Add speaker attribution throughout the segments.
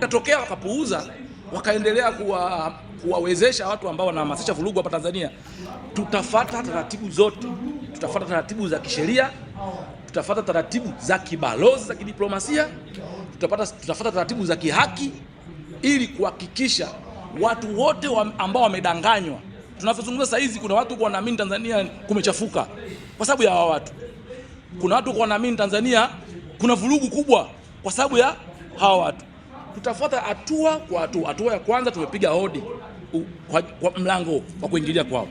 Speaker 1: katokea wakapuuza, wakaendelea kuwa kuwawezesha watu ambao wanahamasisha vurugu hapa Tanzania, tutafata taratibu zote, tutafata taratibu za kisheria, tutafata taratibu za kibalozi za kidiplomasia, tutapata tutafata taratibu za kihaki ili kuhakikisha watu wote wa ambao wamedanganywa. Tunavyozungumza saa hizi, kuna watu wanaamini Tanzania kumechafuka kwa sababu ya hawa watu. Kuna watu wanaamini Tanzania kuna vurugu kubwa kwa sababu ya hawa watu. Tutafuata hatua kwa hatua. Hatua ya kwanza tumepiga hodi kwa, kwa mlango wa kuingilia kwao.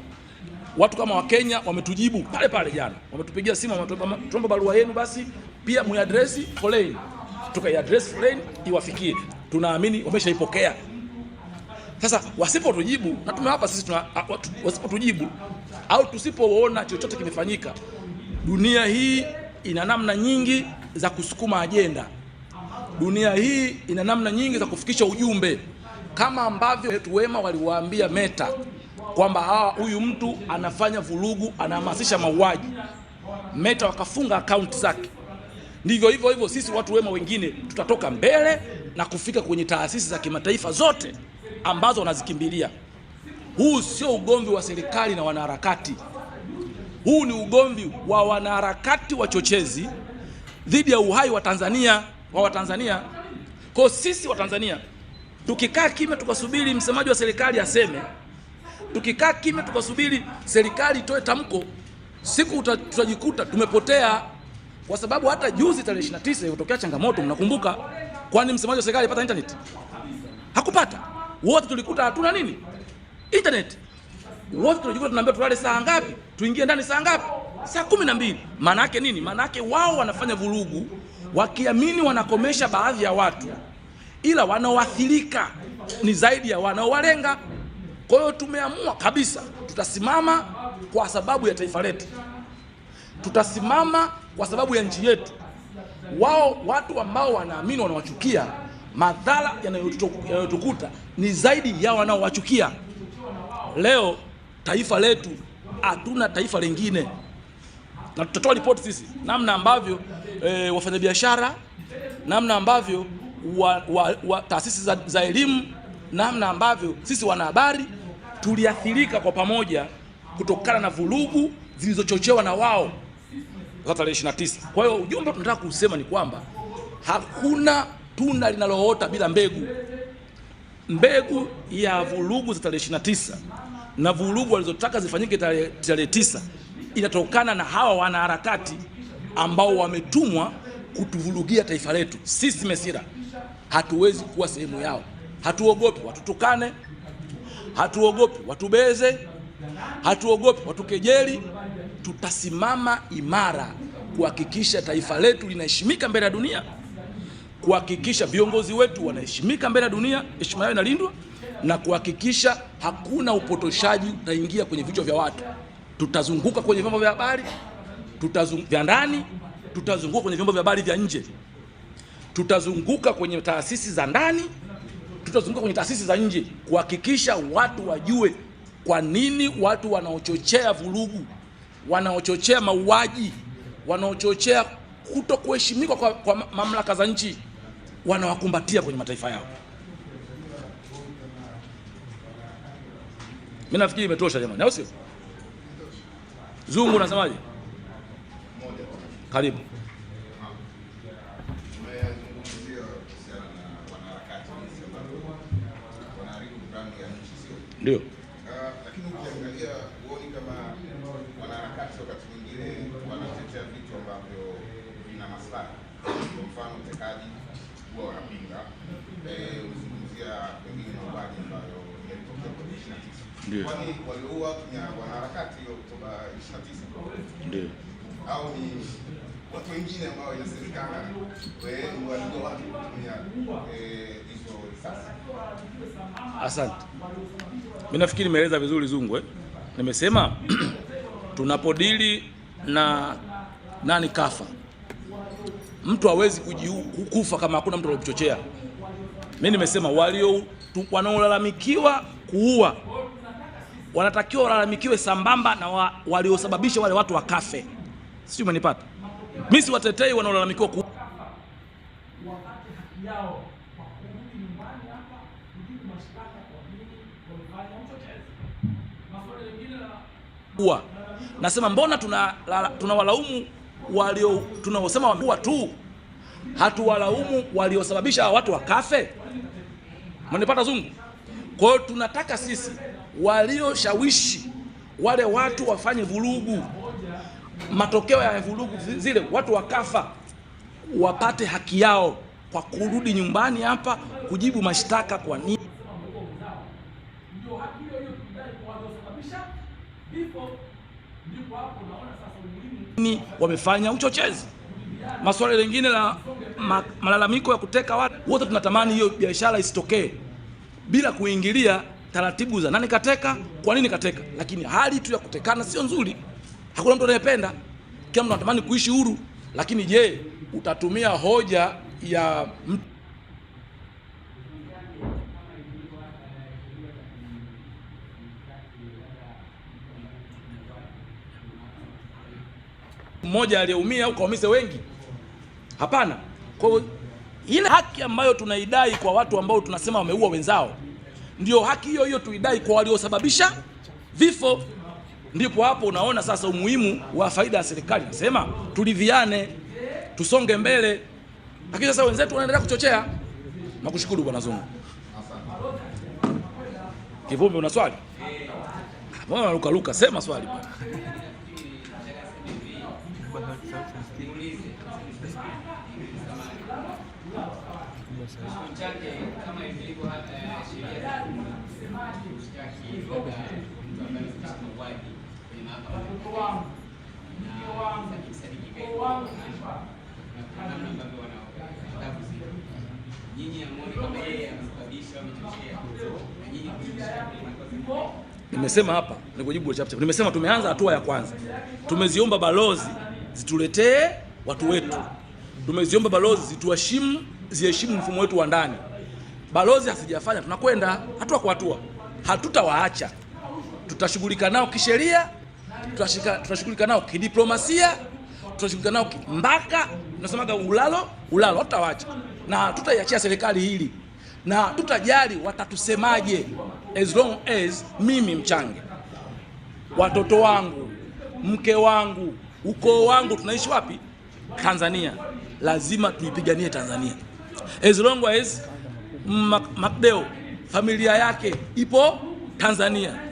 Speaker 1: Watu kama Wakenya wametujibu pale pale jana, wametupigia simu, wametuomba barua yenu, basi pia muiadresi foleni, tukaiadresi foreign iwafikie. Tunaamini wameshaipokea. Sasa wasipotujibu na tumewapa sisi, wasipotujibu au tusipoona chochote kimefanyika, dunia hii ina namna nyingi za kusukuma ajenda. Dunia hii ina namna nyingi za kufikisha ujumbe, kama ambavyo wetu wema waliwaambia Meta kwamba hawa, ah, huyu mtu anafanya vurugu, anahamasisha mauaji. Meta wakafunga akaunti zake. Ndivyo hivyo hivyo, sisi watu wema wengine tutatoka mbele na kufika kwenye taasisi za kimataifa zote ambazo wanazikimbilia. Huu sio ugomvi wa serikali na wanaharakati, huu ni ugomvi wa wanaharakati wachochezi dhidi ya uhai wa Tanzania wa Watanzania. Kwa sisi Watanzania tukikaa kimya tukasubiri msemaji wa serikali aseme, tukikaa kimya tukasubiri serikali itoe tamko, siku tutajikuta tumepotea, kwa sababu hata juzi tarehe 29 ilitokea changamoto, mnakumbuka? Kwani msemaji wa serikali alipata internet? Hakupata. Wote tulikuta hatuna nini, internet. Wote tulijikuta tunaambia tulale saa ngapi, tuingie ndani saa ngapi? Saa kumi na mbili. Maana yake nini? Maana yake wao wanafanya vurugu wakiamini wanakomesha baadhi ya watu, ila wanaoathirika ni zaidi ya wanaowalenga. Kwa hiyo tumeamua kabisa, tutasimama kwa sababu ya taifa letu, tutasimama kwa sababu ya nchi yetu. Wao watu ambao wanaamini wanawachukia, madhara yanayotukuta ni zaidi ya wanaowachukia. Leo taifa letu, hatuna taifa lingine, na tutatoa ripoti sisi namna ambavyo e, wafanyabiashara, namna ambavyo wa, wa, wa, taasisi za, za elimu, namna ambavyo sisi wanahabari tuliathirika kwa pamoja kutokana na vurugu zilizochochewa na wao za tarehe 29. Kwa hiyo ujumbe tunataka kusema ni kwamba hakuna tunda linaloota bila mbegu. Mbegu ya vurugu za tarehe 29 na vurugu walizotaka zifanyike tarehe 9 inatokana na hawa wanaharakati ambao wametumwa kutuvurugia taifa letu. Sisi mesira hatuwezi kuwa sehemu yao. Hatuogopi watutukane, hatuogopi watubeze, hatuogopi watukejeli. Tutasimama imara kuhakikisha taifa letu linaheshimika mbele ya dunia, kuhakikisha viongozi wetu wanaheshimika mbele ya dunia, heshima yao inalindwa, na kuhakikisha hakuna upotoshaji utaingia kwenye vichwa vya watu. Tutazunguka kwenye vyombo vya habari tutazunguka vya ndani, tutazunguka kwenye vyombo vya habari vya nje, tutazunguka kwenye taasisi za ndani, tutazunguka kwenye taasisi za nje kuhakikisha watu wajue kwa nini watu wanaochochea vurugu, wanaochochea mauaji, wanaochochea kuto kuheshimika kwa, kwa mamlaka za nchi wanawakumbatia kwenye mataifa yao. Mimi nafikiri imetosha jamani, au sio? Zungu unasemaje? Karibu. Ndio. Lakini ukiangalia huoni kama wanaharakati wakati mwingine wanatetea vitu ambavyo vina maslahi. Kwa mfano, utekaji huwa wanapinga, uzungumzia pengine mauaji ambayo yalitokea kwa ishirini na tisa, kwani walioua wanaharakati Oktoba ishirini na tisa au ni watu wengine ambao inasemekana walikuwa watu kutumia eh, hizo risasi. Asante, mimi nafikiri nimeeleza vizuri eh? Nimesema tunapodili na nani kafa, mtu hawezi kufa kama hakuna mtu aliokuchochea. Mimi nimesema walio wanaolalamikiwa kuua wanatakiwa walalamikiwe sambamba na wa, waliosababisha wale watu wakafe. Sijui umenipata? Mimi watetei wanaolalamikiwa ku kuwa nasema, mbona tunawalaumu tuna walio tunaosema wamekuwa tu, hatuwalaumu waliosababisha watu wakafe. Mnipata zungu? Kwa hiyo tunataka sisi walioshawishi wale watu wafanye vurugu matokeo ya vurugu zile, watu wakafa, wapate haki yao kwa kurudi nyumbani hapa kujibu mashtaka kwa nini ni wamefanya uchochezi. Maswali lengine la ma, malalamiko ya kuteka watu wote, tunatamani hiyo biashara isitokee bila kuingilia taratibu za nani kateka, kwa nini kateka, lakini hali tu ya kutekana sio nzuri hakuna mtu anayependa, kila mtu anatamani kuishi huru. Lakini je, utatumia hoja ya mtu mmoja aliyeumia ukaumize wengi? Hapana. Kwa hiyo ile haki ambayo tunaidai kwa watu ambao tunasema wameua wenzao, ndio haki hiyo hiyo tuidai kwa waliosababisha vifo ndipo hapo unaona sasa umuhimu wa faida ya serikali. Nasema tuliviane, tusonge mbele, lakini sasa wenzetu wanaendelea kuchochea. Nakushukuru bwana Zungu. Kivumbi, una swali? Mbona luka luka, sema swali bwana. watoto wangu, mke wangu, wangu hapa nimesema hapa, nikujibu chapchap. Nimesema tumeanza hatua ya kwanza, tumeziomba balozi zituletee watu wetu, tumeziomba balozi zituheshimu, ziheshimu mfumo wetu wa ndani. Balozi hasijafanya, tunakwenda hatua kwa hatua, hatutawaacha, tutashughulika nao kisheria tunashughulika nao kidiplomasia, tunashughulika nao mpaka tunasemaga ulalo ulalo, hatutawacha na tutaiachia serikali hili na tutajali watatusemaje, as long as mimi mchange watoto wangu, mke wangu, ukoo wangu tunaishi wapi? Tanzania. Lazima tuipiganie Tanzania, as long as Makdeo familia yake ipo Tanzania.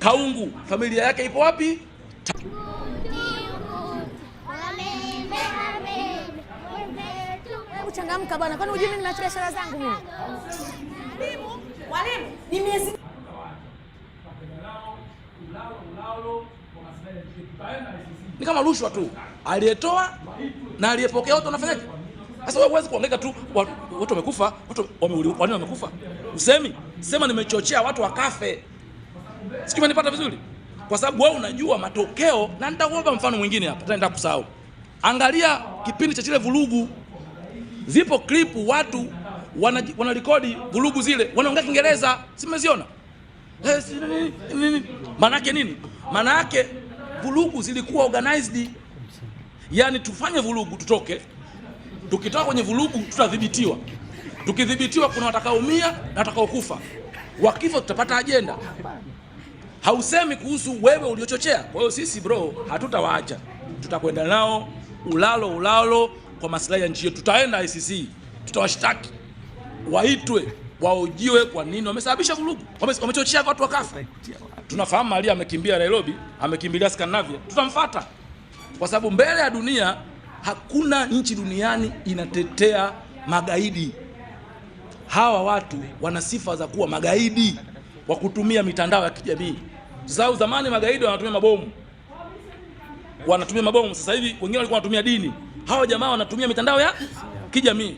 Speaker 1: Kaungu, familia yake ipo wapi? Changamka bwana, kwani hujui mimi nina biashara zangu mimi? Mwalimu, mwalimu, ni miezi ni kama rushwa tu, aliyetoa na aliyepokea watu wanafanyaje? Sasa wewe huwezi kuongeka tu watu wamekufa, watu wameuliwa, wamekufa. Usemi sema nimechochea watu wakafe. Sijui umenipata vizuri? Kwa sababu wewe unajua matokeo na nitakuomba mfano mwingine hapa. Tena nitakusahau. Angalia kipindi cha zile vurugu. Zipo clip watu wanarekodi wana vurugu zile, wanaongea Kiingereza, simeziona. Maana eh, yake nini? Maana yake vurugu zilikuwa organized. Yaani tufanye vurugu tutoke. Tukitoka kwenye vurugu tutadhibitiwa. Tukidhibitiwa kuna watakaoumia na watakaokufa. Wakifa tutapata ajenda hausemi kuhusu wewe uliochochea. Kwa hiyo sisi bro, hatutawaacha, tutakwenda nao ulalo ulalo kwa maslahi ya nchi yetu. Tutaenda ICC, tutawashtaki, waitwe, waojiwe kwa nini wamesababisha vurugu, wamechochea watu wakafa. Tunafahamu Ali amekimbia Nairobi, amekimbilia Scandinavia, tutamfuata kwa sababu mbele ya dunia hakuna nchi duniani inatetea magaidi. Hawa watu wana sifa za kuwa magaidi wa kutumia mitandao ya kijamii zao zamani magaidi wanatumia mabomu, wanatumia mabomu. Sasa hivi wengine walikuwa wanatumia dini, hawa jamaa wanatumia mitandao ya kijamii.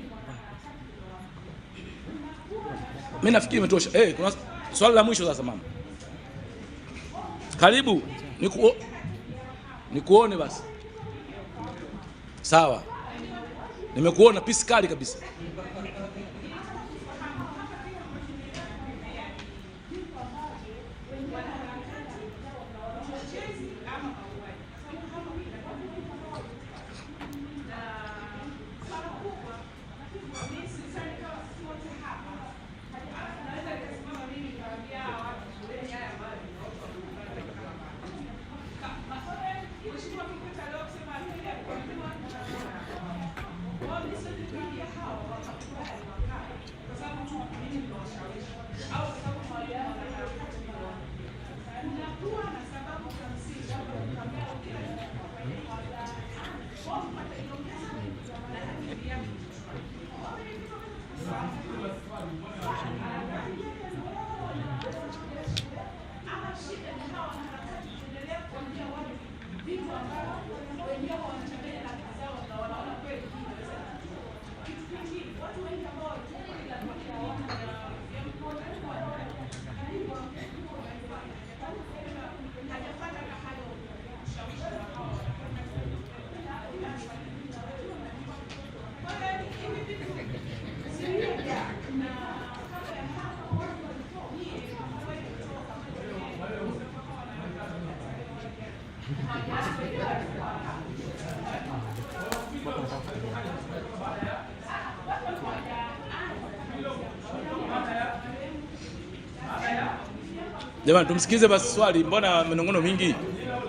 Speaker 1: Mimi nafikiri imetosha. Eh, hey, kuna swali la mwisho sasa mama. Karibu niku nikuone basi. Sawa, nimekuona, pisi kali kabisa. Jamani, tumsikize basi swali, mbona minong'ono mingi? Hmm.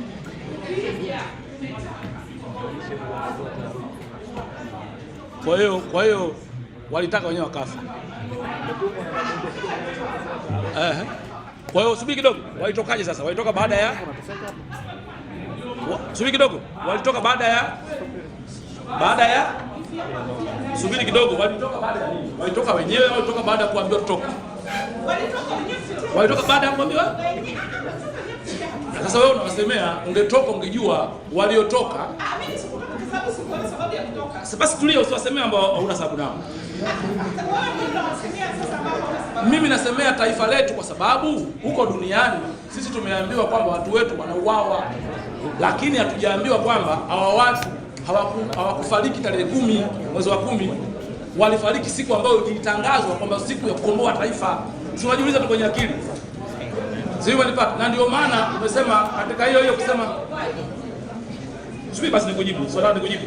Speaker 1: Kwa hiyo kwa hiyo walitaka wenyewe wakafa. Eh, kwa hiyo subiri kidogo, walitokaje sasa? Walitoka baada ya subiri kidogo, walitoka baada ya baada ya subiri kidogo, walitoka baada ya nini? Walitoka wenyewe au walitoka baada ya kuambiwa tutoka, Walitoka wenyewe, walitoka baada ya kuambiwa sasa wewe unawasemea, ungetoka ungejua waliotoka. Basi tulia, usiwasemea ambao hauna sababu nao. Mimi nasemea taifa letu, kwa sababu huko duniani sisi tumeambiwa kwamba watu wetu wanauawa, lakini hatujaambiwa kwamba hawa watu hawakufariki tarehe kumi mwezi wa kumi, walifariki siku ambayo ilitangazwa kwamba siku ya kukomboa taifa. Tunajiuliza tu kwenye akili Ziwanipata na ndio maana umesema katika hiyo hiyo kusema sijui, basi nikujibu swala, nikujibu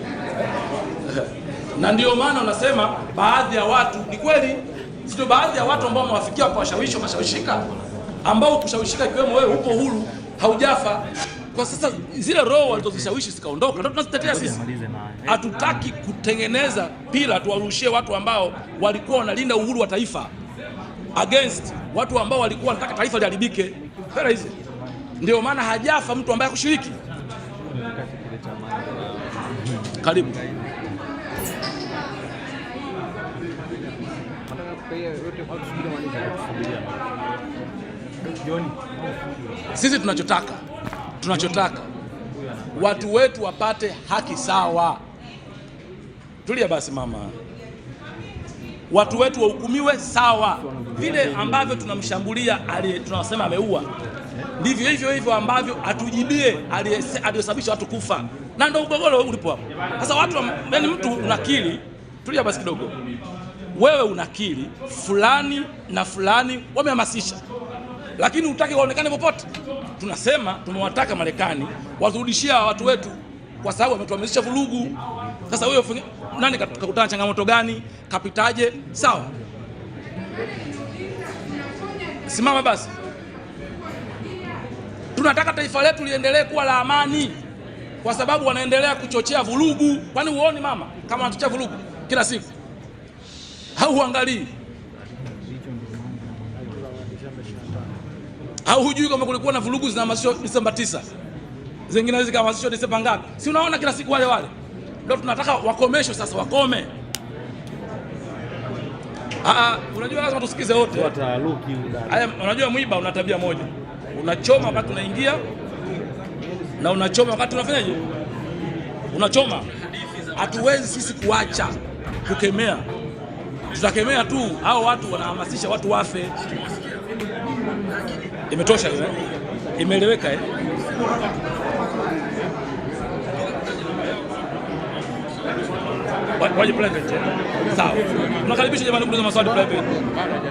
Speaker 1: na ndio maana unasema baadhi ya watu ni kweli, sio baadhi ya watu ambao mwafikia kwa washawishi mashawishika, ambao kushawishika ikiwemo wewe, huko huru haujafa kwa sasa. Zile roho walizozishawishi zikaondoka, ndio tunazitetea sisi. Eh. Hatutaki kutengeneza pila tuwarushie watu ambao walikuwa wanalinda uhuru wa taifa against watu ambao walikuwa wanataka taifa liharibike. Hela hizi ndio maana hajafa mtu ambaye kushiriki. Karibu sisi tunachotaka tunachotaka watu wetu wapate haki sawa. Tulia basi mama watu wetu wahukumiwe sawa. Vile ambavyo tunamshambulia aliye tunasema ameua, ndivyo hivyo hivyo ambavyo atujibie aliyosababisha watu kufa, na ndio ugogoro ulipo hapo sasa. Watu yani, mtu unakili, tulia basi kidogo, wewe unakili fulani na fulani wamehamasisha, lakini utaki waonekane popote. Tunasema tumewataka Marekani warudishia watu wetu, kwa sababu wametuhamasisha vurugu. Sasa wewe nani kakutana changamoto gani, kapitaje? Sawa, simama basi. Tunataka taifa letu liendelee kuwa la amani, kwa sababu wanaendelea kuchochea vurugu. Kwani huoni mama kama wanachochea vurugu kila siku? Au angalii au hujui kama kulikuwa na vurugu zinahamasishwa disemba 9 zingine zikahamasishwa Desemba ngapi? Si unaona kila siku wale wale ndio tunataka wakomeshwe sasa, wakome. Aa, ah, ah, unajua lazima tusikize wote. Haya, unajua mwiba una tabia moja, unachoma wakati unaingia na unachoma wakati unafanyaje, unachoma. Hatuwezi sisi kuacha kukemea, tutakemea tu. Hao watu wanahamasisha watu wafe. Imetosha, eh? imeeleweka eh? wajipeleke nje. Sawa, tunakaribisha jamani kuuliza maswali private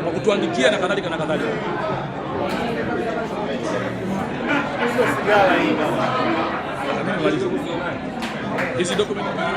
Speaker 1: kwa kutuandikia na kadhalika na kadhalika. Hizi dokumenti